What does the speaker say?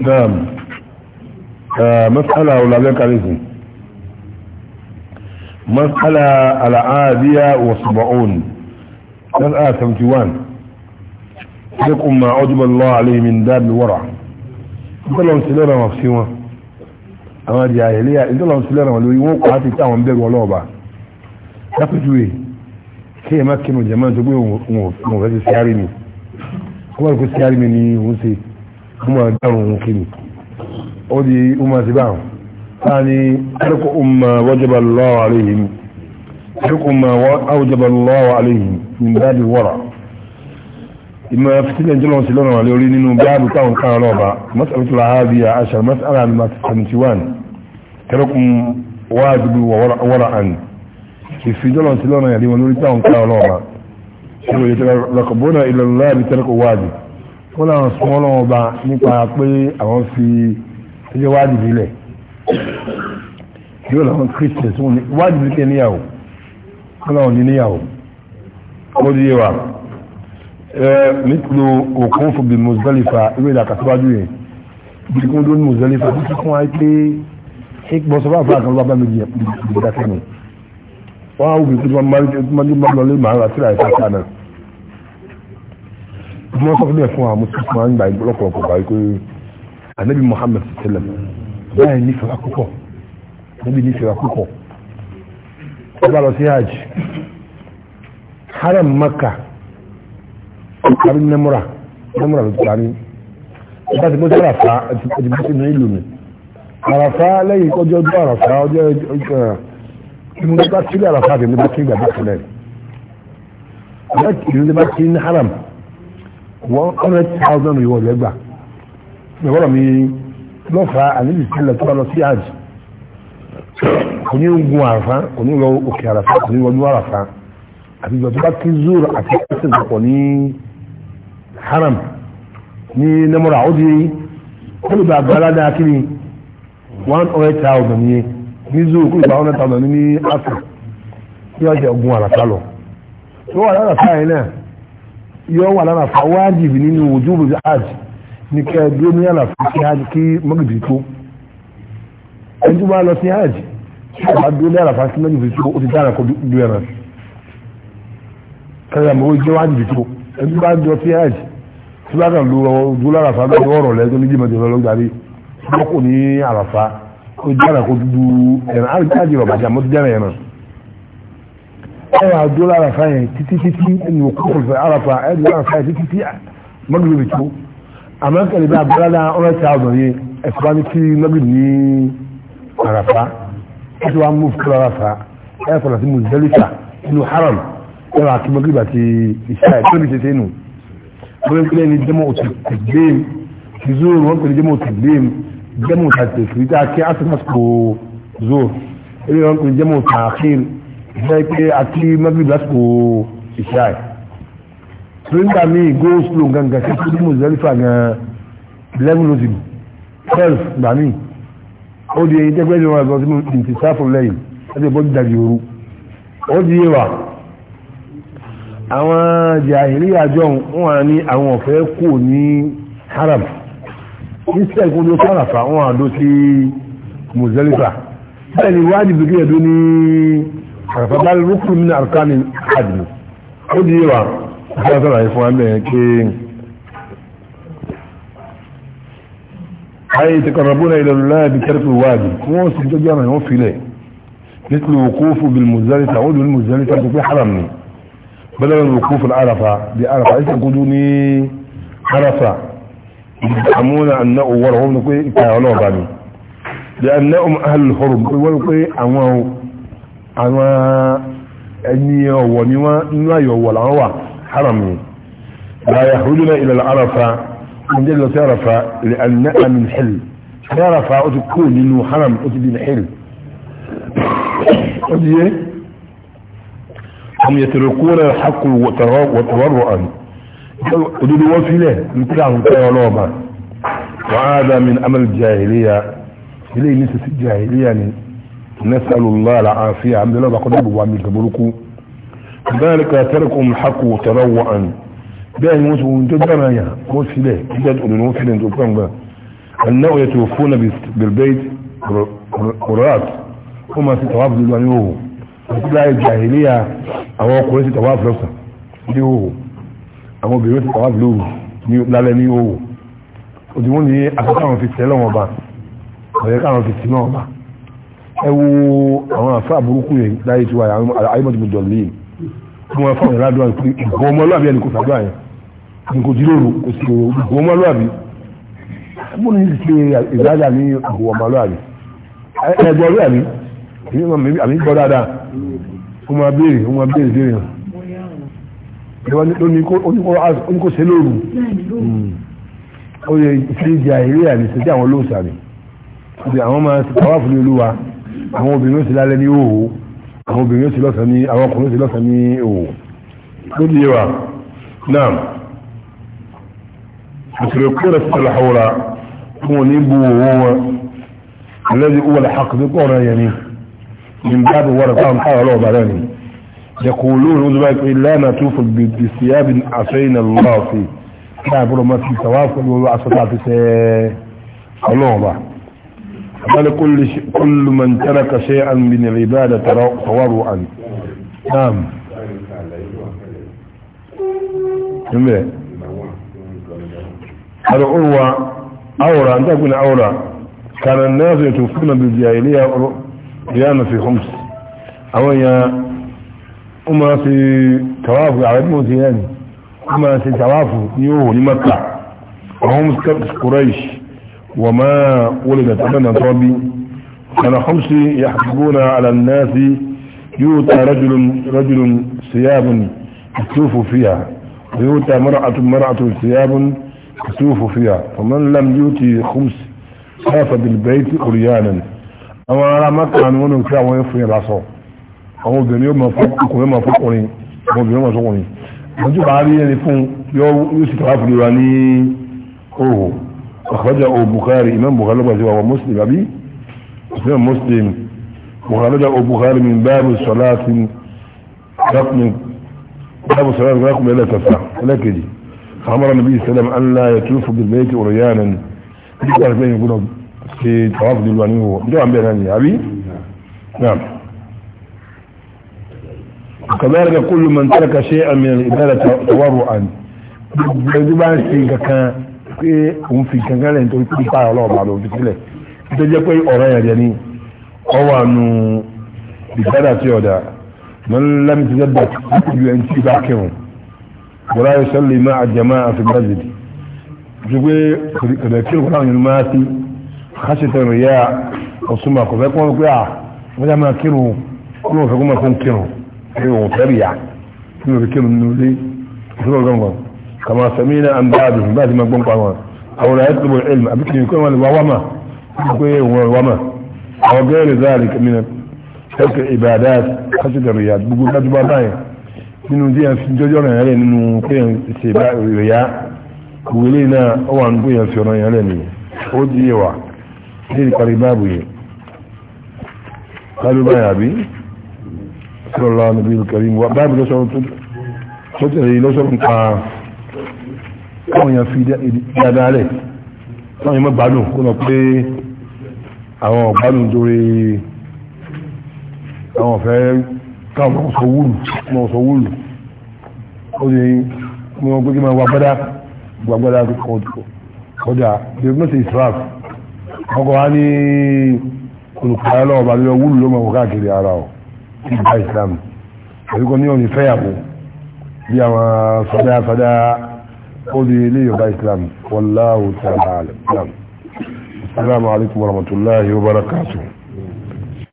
نعم آه مسألة ولا ذلك عليكم مسألة العادية وسبعون مسألة سمتوان لكم ما عجب الله عليه من داب الورع ìtọ́lọ̀ sílẹ̀rẹ̀ wọn sí wọn àwọn di àìlẹ́yà ìtọ́lọ̀ sílẹ̀rẹ̀ wọn lórí wọn kọ́ láti tí àwọn bẹ̀rù ọlọ́ọ̀bà lápẹjúwe kí ẹ má kí mo jẹ́ máa ń tó pé òun ò fẹ́ sí síárì mi wọ́n rẹ̀ kó síárì mi ni òun ṣe ọmọ ẹgbẹ̀rún kìíní ó di ọmọ ti báhùn tani ẹ̀rẹ́kù ọmọ wọ́jọba lọ́wọ́ aléhìn ẹ̀rẹ́kù ọmọ wọ́jọba lọ́wọ́ aléhìn ní báàbí wọ́ra ìmọ̀ fitilẹ̀ jọlọ́ sí lọ́nà wàlé orí nínú báàbí táwọn kan lọ́ba masalatu lahabi a ashar masala ni ma tsanci wan ẹ̀rẹ́kù wájibi wọ́ra an ìfi jọlọ́ sí lọ́nà yàrí wọn lórí táwọn kan lọ́ba ṣe wòye tẹ́lẹ̀ lakabona ilẹ̀ láàbí tẹ́lẹ̀kù wájibi wọ́n làwọn sọ wọ́n lọ́wọ́ ba nípa pé àwọn fi ẹjọ́ wádìí nílẹ̀ yóò làwọn christians wọn ni wádìí nílẹ̀ níyàwó wọ́n làwọn ní níyàwó ó di yẹwà ẹ nítorí òkun fún bí Muzdalifa ìwé ìdàkàsíwájú yẹn bí kí wọ́n dún Muzdalifa tó ti kún wáyé pé ìgbọ́n sọ fáfá kan lọ́ba méjì ìgbẹ́dàkẹ́nu wọ́n á wù mí pé wọ́n máa ń lọ lé màá rà sílẹ̀ àìsàn náà bí wọ́n kọ́ fún mi fún àwọn mùsùlùmí máa ń gba lọ́pọ̀lọpọ̀ gba pé anabi muhammed sallam báyìí nífẹ̀ẹ́ wa púpọ̀ níbi nífẹ̀ẹ́ wa púpọ̀ ó bá lọ sí hajj haram maka àbí nẹ́múra nẹ́múra ló ti lárí bá ti bó sí àràfá ti bó sí inú ìlú mi àràfá lẹ́yìn ọjọ́ ọjọ́ àràfá ọjọ́ ọjọ́ ìmú bá sílẹ̀ àràfá àti ìmú bá sílẹ̀ àbá sílẹ̀ ìmú bá sílẹ̀ haram one hundred thousand reward ẹgbà ìgbàgbọ́dọ̀ mi lọ́fà àníbi sílẹ̀ tó bá lọ sí àjì kò ní gun àràfá kò ní lọ òkè àràfá kò ní wọnú àràfá àti ìgbà tó bá kí zoro àti ẹsẹ̀ papọ̀ ní haram ní nẹ́mọ́ra ó di kólùbà gbalada kíni one hundred thousand yẹn ní zoro kólùbà one hundred ní ní afro ní ọjà gun àràfá lọ tó wà lára fáyín náà yọ wà lára fa wájìbì nínú ojúbò hajj ní kẹ dúró ní àlàfo sí hajj kí mọ́gìdì tó ẹni tó bá lọ sí hajj tí a bá dúró ní àlàfo sí mọ́gìdì tó ó ti dára kó du ẹran kẹrẹ àmọ́ ó jẹ́ wájìbì tó ẹni tó bá lọ sí hajj tí bá kàn lọ dúró lára fa lọ́wọ́ ọ̀rọ̀ lẹ́jọ́ ní jìmọ̀jì lọ́lọ́ gbàrí wọ́n kò ní àlàfa ó dára kó du ẹran àrùn rọ̀ bàjẹ́ àmọ́ ti dára ẹran ọwọ́ àdó lára fáyẹ̀ títí títí ẹni òkú fòfẹ́ àràfà ẹni lára fáyẹ̀ títí tí mọ́gbìlì tó àmọ́kẹ̀lẹ̀ bá abúládá ọ̀rẹ́ tí a bọ̀ yé ẹ̀fọ́ ní kí mọ́gbìlì ní àràfà ẹ̀ tí wàá mú fún àràfà ẹ̀ fọ̀lá sí mùsùlùmíkà inú haram ẹ̀ wà kí mọ́gbìlì àti ìṣá ẹ̀ tó ní ṣe sẹ́nu bọ́lẹ́gbẹ́lẹ́ ni jẹ́mọ̀ òtìgbéem ti zoro wọ́n pè ní jẹ́mọ̀ òtìgbéem jẹ́mọ̀ òtàtẹ̀kìrìtà kí jẹ́ pé àti magrib lásìkò ìṣá ẹ̀ nígbà míì go slow gangan sí kí mo zẹ́lífà gan eleven ló ti bù twelve gbà míì ó di eyín tẹ́gbẹ́ ìjọba ẹ̀gbọ́n tí mo ti ti sáfù lẹ́yìn láti bọ́ dídàjì ooru ó di yé wa àwọn jàhìlì àjọ wọn ní àwọn ọ̀fẹ́ kò ní haram instead kò ló sárafa wọn àdó sí muzalifa bẹ́ẹ̀ ni wájú bìkì ẹ̀dó ní فبقى الركن من أركان الحجم ودي يوا هذا لا يفهم كي هاي تقربون إلى الله بترك الوادي مو سنتجي من هو في ليه مثل وقوف بالمزدلفة تعود بالمزدلفة في حرمني بدل الوقوف العرفة بعرفة إيش تقولوني عرفة يزعمون ان ورهم نقول إيه كاولوه بني لأنهم أهل الحرم ويقولوا كي أموه àwọn ẹni ọ̀wọ̀ ni wọ́n inú àyọ̀wọ̀ làwọn wà haram ni láyà hujjúlẹ̀ ilẹ̀ arafa oúnjẹ lọ sí arafa ilẹ̀ anẹ́ta min hil ní arafa ó ti kó nínú haram ó ti di hil ó ti yé ọmọ yẹtẹrẹ kúrẹ hakul wọtọrọ an òdodo wọn filẹ̀ nítorí àwọn kẹrọ ọlọ́ọ̀ba wọ́n á dá min amal jahiliya ilé ìníṣẹ́ sí jahiliya ni نسأل الله العافية الحمد لله بقدر بوامل تبركو ذلك تركهم حقوا تروعا بأي موسى وانتبنا يا موسى له جد أولي موسى لانتبنا أنه يتوفون بالبيت قرات هما ستواف للمنوه لا الجاهلية أو قرية ستواف لفسه ليه أو بيوت ستواف له لا لا ليه وديوني أكثر في السلام وبا ويكثر في السلام وبا ẹ wo àwọn àfa burúkú yẹn láyé tí wà àyèmọ̀tò mi dọ̀lẹ́ yìí kí wọ́n fọwọ́n ládùúgbò àti ìgbọ́ ọmọlúwàbí ẹni kò sàdúrà yẹn ẹni kò jíròrò kò sì rò ìgbọ́ ọmọlúwàbí mo ní ti ṣe ìdájà ní ìgbọ́ ọmọlúwàbí ẹgbọ́ rí àmì àmì gbọ́ dáadáa ó máa béèrè ó máa béèrè béèrè hàn oníkó ṣe lóru ó yẹ ìṣèjì àìrí àmì ṣèjì àwọn olóòṣà ni àwọn máa ti pàwáfù ní olúwa àwọn obìnrin ó sì lálẹ́ ní òwò àwọn obìnrin ó sì lọ́sàn ní àwọn ọkùnrin ó sì lọ́sàn ní òwò ló di wa náà mùsùlùmí kó rẹ̀ sọ̀rọ̀ àwòrán fún òní bu òwò wọn alẹ́dí ó wọlé àkọsí pọ̀ náà yẹn ni ní bá bí wọ́n rẹ̀ fáwọn táwọn ọlọ́ọ̀bà rẹ̀ ni يقولون لا نطوف بثياب عصينا الله فيه لا برمتي توافل وعصتها في سي الله بل كل ش... كل من ترك شيئا من العبادة تورعا نعم العروة أورا أن تكون أورا كان الناس يتوفون بالجاهلية قيامة في خمس أو يا أما في توافق على الموت يعني أما في توافق يوه لمكة وهم قريش وما ولدت أبنا ربي كان خمس يحفظون على الناس يؤتى رجل رجل ثياب يسوف فيها ويؤتى مرأة مرأة ثياب يسوف فيها فمن لم يؤتي خمس خاف بالبيت أريانا أما على مكة عن ونو كا ويفي راسه أو بن يوم فوق ويوم فوقني أو بن يوم فوقني نجيب عليه يكون يوم يوسف عفري واني أوه أخرجه البخاري إمام بخاري وهو مسلم أبي إمام مسلم وخرجه البخاري من باب الصلاة رقم باب الصلاة رقم لا تسع لكن أمر النبي صلى الله عليه وسلم أن لا يتوف بالبيت أريانا يقول لك يقول في طواف دلواني هو جاء عم بيراني أبي نعم وكذلك كل من ترك شيئا من الإبادة تورعا يجب أن كان pé òun fi kankan lẹ́yìn tó kí báyọ̀ ọlọ́ọ̀bà ló fi sílẹ̀ tó jẹ́ pé ọ̀rọ̀ yẹn jẹ́ ní ọwọ́ àánú ìgbádà tí ọ̀dà mọ́lẹ́mí ti dẹ́gbà ju ẹni tí bá kírun bọ́lá yóò sọ́lé máa àjẹmá àfi masjid ju pé kẹ̀dẹ̀ kí òkúta òyìnbó máa ti káṣí tẹ̀ rẹ̀ yá ọ̀sùnmọ̀ kò fẹ́ kọ́ pé à wọ́n já máa kírun kí wọ́n fẹ́ kó máa fún kírun kí wọ́n fẹ́ rìyà kí wọ́n fẹ́ kírun nílé ìṣòro ọ̀gọ́ngàn كما سمينا عن بعضهم بعد ما قلنا قوانا أو لا يطلب العلم أبكي يكون وما وما أو غير ذلك من تلك العبادات خشد الرياض بقول أجبا باية nínú díẹ̀ fi jọjọ́ rẹ̀ yẹn nínú kéèyàn ṣe bá ìrìyà ìwélé náà ó wà ń gbéyàn fi ọ̀rọ̀ yẹn lẹ̀ nìyẹn ó di yẹ wà ní ìparí báàbù yẹn báàbù báyà bí sọ̀rọ̀ lọ́wọ́ níbi ìkẹrin báàbù lọ́sọ̀rọ̀ tó tẹ̀lé lọ́sọ̀rọ̀ nǹkan káwọn èèyàn fi dáadáa rẹ̀ káwọn èèyàn gbádùn kó lọ pé àwọn ọ̀gbádùn torí àwọn ọ̀fẹ́ káwọn ọ̀sọ̀ wúlù káwọn ọ̀sọ̀ wúlù ó lè mú wọn pé kí máa wà gbádá wà gbádá kọjá lè mọ́ sí israf ọkọ̀ wá ní olùkọ́yà lọ́wọ́ bá lọ́wọ́ wúlù ló máa wọ káàkiri ara ọ̀ ìgbà ìsìlámù àbíkọ́ ní òní fẹ́yàwó bí àwọn sọdá sọdá قولي لي يبقى إسلام والله تعالى السلام عليكم ورحمة الله وبركاته